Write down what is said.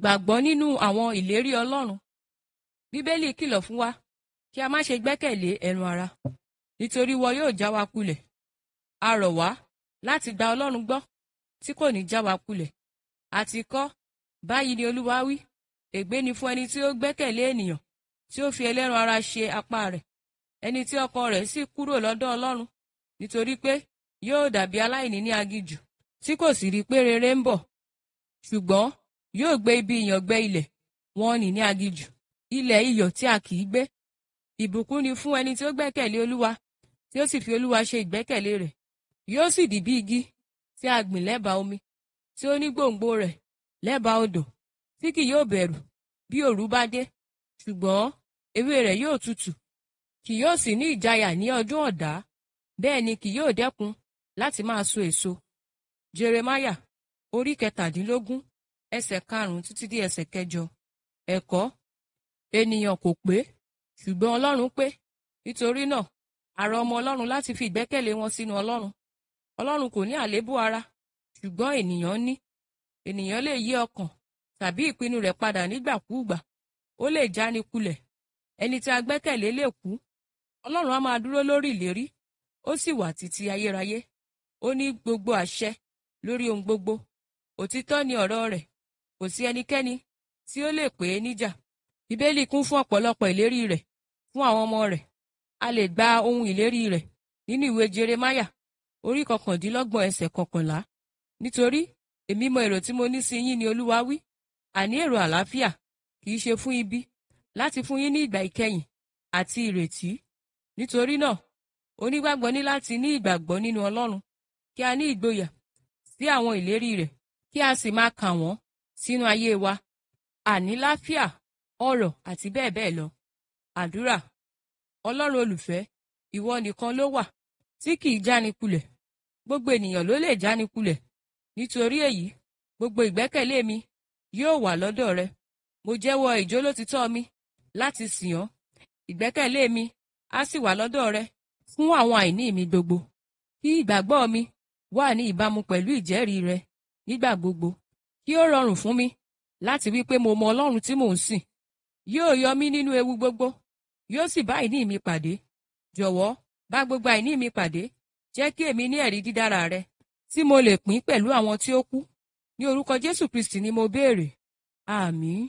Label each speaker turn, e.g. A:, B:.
A: gbàgbọ́ nínú àwọn ìlérí Ọlọ́run Bíbélì kìlọ̀ fún wa kí a má ṣe gbẹ́kẹ̀lé ẹran ara nítorí wọn yóò já wa kulẹ̀ a rọ̀ wá láti gba Ọlọ́run gbọ́ tí kò ní já wa kulẹ̀ àti kọ́ báyìí ni Olúwa wí ègbé ni fún ẹni tí ó gbẹ́kẹ̀lé ènìyàn tí ó fi ẹlẹ́ran ara ṣe apá rẹ̀ ẹni tí ọkàn rẹ̀ sì kúrò lọ́dọ̀ Ọlọ́run nítorí pé yóò dàbí aláìní ní aginjù tí kò sì rí pé rere ń bọ̀ ṣùgbọ́n yóò gbé ibi ìyàngbẹ ilẹ̀ wọn nì ní aginjù ilẹ̀ iyọ̀ tí a kì í gbé ìbùkún ni fún ẹni tí ó gbẹ́kẹ̀lé olúwa tí ó sì fi olúwa ṣe ìgbẹ́kẹ̀lé rẹ̀ yóò sì dì bí igi tí a gbìn lẹ́bàá omi tí ó ní gbòǹgbò rẹ̀ lẹ́bàá odò tí kì yóò bẹ̀rù bí òru bá dé ṣùgbọ́n ewé rẹ̀ yóò tutù kì yóò sì ní ìjayà ní ọdún ọ̀dá bẹ́ẹ̀ ni kì yóò dẹ́kun láti máa so èso jeremaya orí kẹtàdínlógún ẹsẹ̀ karùn-ún títí dé ẹsẹ̀ kẹjọ ẹ̀kọ́ ènìyàn kò pé ṣùgbọ́n ọlọ́run pé nítorí náà àrà ọmọ ọlọ́run láti fi ìgbẹ́kẹ̀lé wọn sínú ọlọ́run ọlọ́run kò ní àléébù ara ṣùgbọ́n ènìyàn ní ènìyàn lè yí ọkàn tàbí ìpinnu rẹ̀ padà nígbàkúùgbà ó lè jáni kulẹ̀ ẹni tí a gbẹ́kẹ̀lé lè kú ọlọ́run á máa dúró lórí ìlérí ó sì wà títí ayérayé ó ní gbogbo àṣẹ lórí ohun gbogbo òtítọ́ ni ọ̀rọ̀ rẹ̀ kò sí ẹnikẹ́ni tí ó lè pè é níjà bíbélì kún fún ọ̀pọ̀lọpọ̀ ìlérí rẹ̀ fún àwọn ọmọ rẹ̀ a lè gba ohun ìlérí rẹ̀ nínú ìwé jeremáyà orí kọkàndínlọ́gbọ̀n ẹsẹ̀ kọkànlá nítorí èmi mọ èrò tí mo ní sí yín ni olúwa wí àní èrò àlàáfíà kì í ṣe fún ibi láti fún yín ní ìgbà ìkẹyìn àti ìrètí nítorí náà onígbàgbọ́ ní láti ní ìgbàgbọ́ nínú ọlọ́run kí a ní ìgboyà sí àwọn ìlérí rẹ̀ kí a sì máa kà wọ́n sínú ayé wa àníláfíà ọrọ̀ àti bẹ́ẹ̀ bẹ́ẹ̀ lọ àdúrà ọlọ́run olùfẹ́ ìwọ nìkan ló wà tí kì í jánikulẹ̀ gbogbo ènìyàn ló lè jánikulẹ̀ nítorí èyí gbogbo ìgbẹ́kẹ̀lé mi yóò wà lọ́dọ̀ rẹ mo jẹ́wọ́ ìjólótítọ́ mi láti sìn ọ́ ìgbẹ́kẹ̀lé mi á sì wà lọ́dọ̀ rẹ fún àwọn àìní mi gbogbo kí ìgbàgbọ́ mi wà ní ìbámu pẹ̀lú ìjẹ́rìí rẹ nígbà gbogbo yóò rọrùn fún mi láti wí pé mo mọ Ọlọ́run tí mò ń sìn yóò yọ mí nínú ewu gbogbo yóò sì bá ìní mi pàdé jọ̀wọ́ bá gbogbo àìní mi pàdé jẹ́ kí èmi ní ẹ̀rí dídára rẹ tí mo lè pín pẹ̀lú àwọn tí ó kú ní orúkọ Jésù Kristi ni mo béèrè àmín.